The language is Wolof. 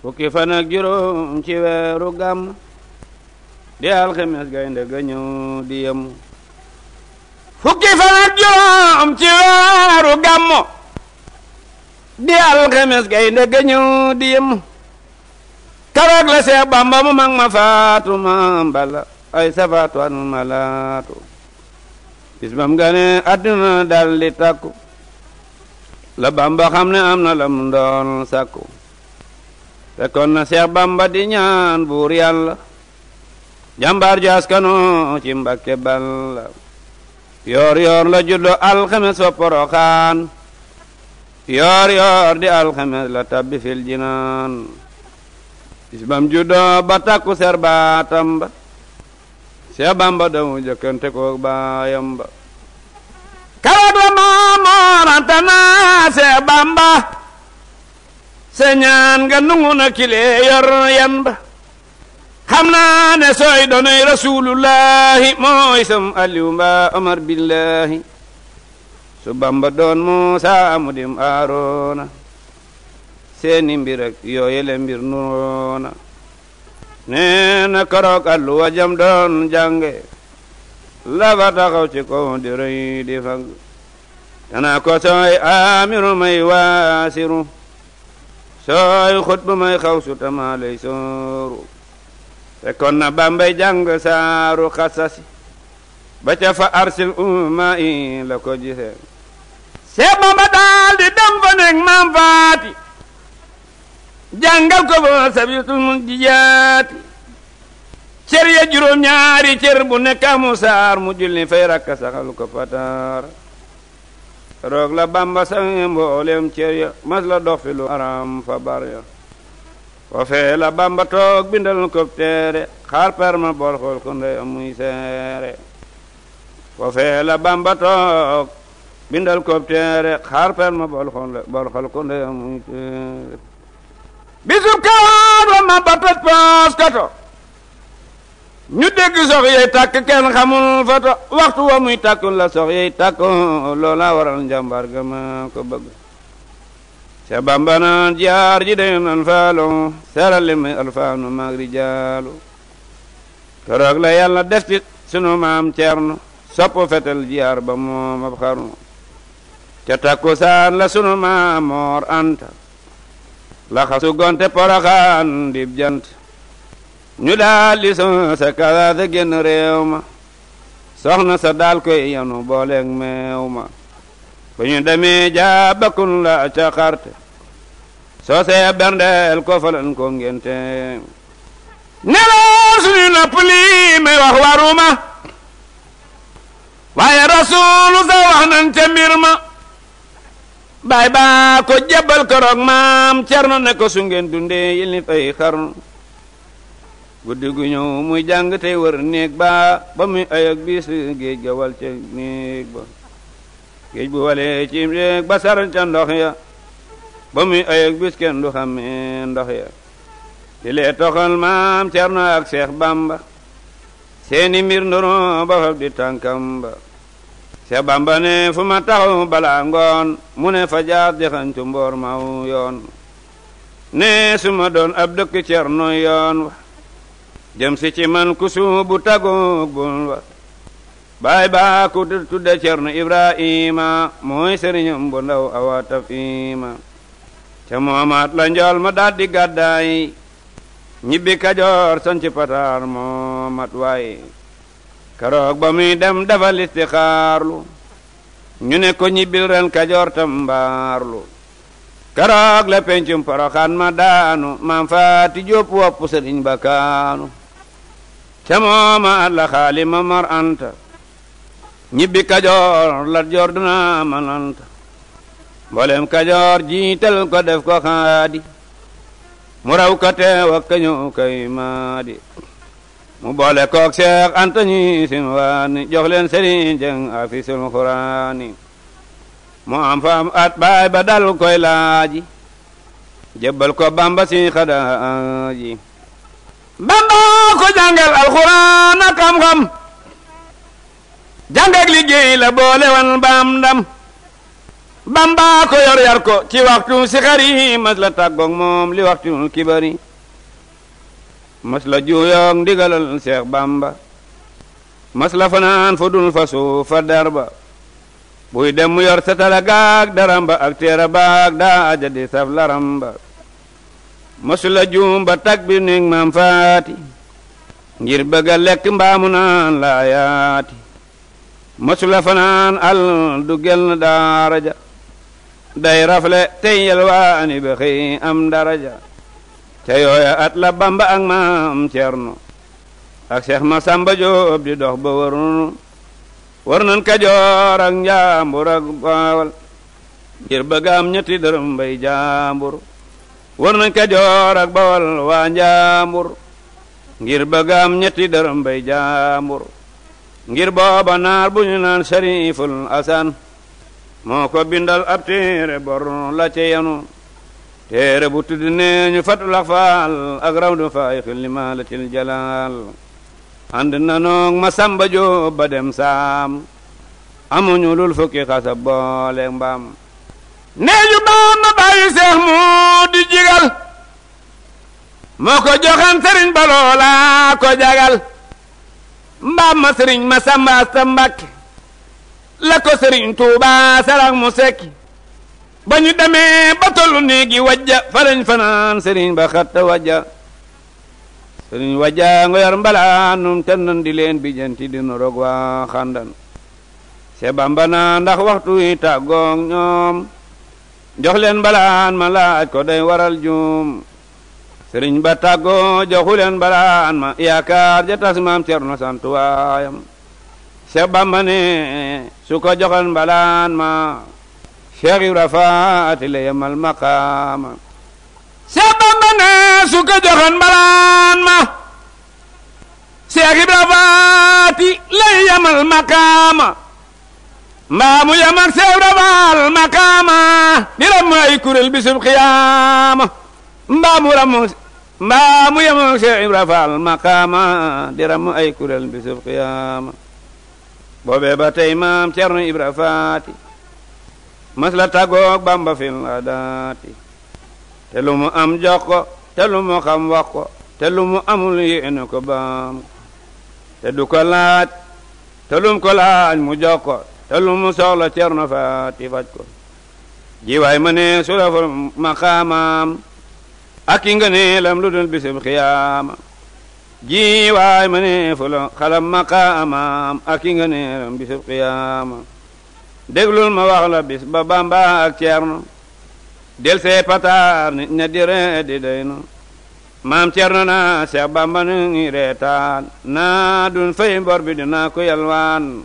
fukki fan juróom ci weeru gàmm di alxemes gaynde ga ñëw di yem fukki fan juróom ci weeru gàmm di alxemes gaynde ga ñëw karoog la Seex Bamba mu mag ma faatu ma mbala ay safaatu an malaatu bis bam gane àdduna dal di takku la Bamba xam ne am na lam doon sakku fekkoon na Seex Bamba di ñaan buur yàlla jàmbaar ju askano ci Mbàkke Balla yoor yoor la juddo alxames wa poroxaan yoor yoor di alxames la tabbi fil jinaan bis ba takku ser baatam Seex Bamba damu jëkkante koog baayam ba karat wa moomoon antana Seex Bamba sa ñaan nga nungu na kile yor yan naa ne sooy donoy rasulullahi mooy sam aliw mbaa omar billahi su doon muusa mu dim aaroona seeni mbir ak yooyele mbir nuroona nee na alluwa jam doon jànge lafa taxaw ci di rëy di fag danaa ko sooy aamiru may waasiru sooy xut bu may xaw su tama sooru fekkoon bambay jàng saaru xasasi ba ca fa arsil umma i la ko gisee seet bamba daal di dem fa nekk maam faati jàngal ko ba sabitul mun jijaati cër ya ñaari cër bu nekk amu saar mu julli fay rakka saxal ko fataar roog la bamba sange mboolem cër ya mas la dox fi lu aram fa bar ya foofee la bamba toog bindal ko teere xaar perma bool xool ko ndey amuy seere foofee la bamba toog bindal ko teere xaar perma bool xool bool xool ko ndey amuy seere bisub kawaat wa kato ñu dégg sox yey tàkk kenn xamul fata waxtu wa muy tàkk la sox yey tàkk loola waral njàmbaar ga ma ko bëgg ca bamba naan ji dañu nan faalo serali may alfaanu maag rijaalu keroog la yàlla def ci sunu maam ceerno sopp fetel jiyaar ba moom ab xarnu ca takkusaan la sunu maam moor anta la xasu gonte poroxaan dib jant ñu daal di son sa kasa sa génn réew ma soxna sa daal koy yanu booleeg meew ma bu ñu demee jaa bakkun la ca xarte soo see ko falan ko ngente neloo suñu nopp lii may wax waruma waaye rasuulu sa wax nan ca ma baay baa ko jabal ko roog maam cerno ne ko su ngeen dundee ni fay xarnu guddi gu ñëw muy jàng tey wër néeg ba ba muy ayak bis géej ga wal ca néeg ba géej bu walee ci néeg ba sar ca ndox ya ba muy ayak bis kenn du xamee ndox ya di lee toxal maam Cerno ak Seex Bamba seeni mbir ndono ba fab di tànkam ba Seex Bamba ne fu ma taxaw balaa ngoon mu ne fa jaar di xancu mboor maw yoon ne su ma doon ab dëkk Cerno yoon jëm si ci man ku suubu tagoog bul wa baay baa ku tudde Cerno Ibrahima mooy sëriñam bu ndaw awa tafima ca Muhammad la njool ma daldi gàddaay ñibbi Kajoor sanc Pataar moo mat waay ba muy dem dafa listixaarlu ñu ne ko ñibbil ren Kajoor tam mbaarlu karoog la pencum poroxaan ma daanu maam faati jóob wopp sëriñ bakaanu ca mooma alla xaali ma mar anta ñibbi kajoor la joor duna mananta mboolem kajoor jiital ko def ko xaadi mu raw ko teew ak maadi mu boole kook seex anta ñi waani jox leen sëriñ jeng afisul mu am faam at baay ba dal koy laaji jébbal ko bamba si xadaaji bamba ko jàngal alxuraan ak xam liggéey la boole wan baam ndam bamba yor yar ko ci waxtu si xari mas la moom li waxtu kibari mas la juuyoog ndigalal seex bamba mas fanaan fu dul fa suuf fa darba buy dem mu yor satala gaag daramba ak teera baag daa ajadi saf laramba mosula juum ba tag bi nig maam faati ngir bëgga lekk mbaamu naan laa mosula fanaan al du gel daaraja day rafle tey yelwaani ba xëy am daraja ca yooya at la bamba ak maam cerno ak seex ma samba joob di dox ba warunu war nan kajoor ak baawal ngir bëgga am ñetti dërëm mbay jaambur war nañ Kajoor ak Bawol waa njaambur ngir bëgg ñetti dërëm bay jaambur ngir booba naar bu ñu naan Sariiful Asan moo ko bindal ab téere bor la ca yanu bu tudd ne ñu fatul faal ak raw du faay xil limaalatil jalaal ànd na noog ma samba jóob ba dem saam amuñu lul fukki xasa boole mbaam nee ñu doon na bàyyi seex mu di jigal moo ko joxan sëriñ ba loola ko jagal mbaam ma sëriñ ma samba sa la ko sëriñ tuuba sarax mu sekki ba ñu ba tollu néegi wajja fa fanaan sëriñ ba xatta wajja sëriñ wajja nga yor mbalaanum te nan di leen bi janti dina roog waa xàndan se bamba na ndax waxtu yi tàggoog ñoom jox leen balaan ma laaj ko day waral juum sëriñ ba tàggoo joxu leen balaan ma yaakaar ja tas maam cerno sant waayam Cheikh Bamba ne su ko joxoon balaan ma Cheikh Ibra Faati la yemal maqaama Cheikh Bamba ne su ko joxoon balaan ma Cheikh Ibra Faati la yemal maqaama mbaa mu yam ak seew rafaal makaama di ay kuréel bisub xiyaama mbaa mu mu yam ak seew ibra faal makaama di ay kuréel bisub xiyaama boobee ba tey maam cernu ibra faati mas la tagoog bamba fil la te lu am jox te lu mu xam te lu mu amul yéene ko baam te du ko laaj te lum ko laaj mu jox te lu mu soxla cerno faati faj ko jiwaay ma ne su la fa maqaamaam ak i lu dul bisum xiyaama jiwaay ma ne fu la xalam maqaamaam ak i ngëneelam bisum xiyaama déglul ma wax la ba bamba ak cerno del see pataar nit ña di ree di day no na seex bamba nu reetaan naa dun fay mbor bi dinaa ko yalwaan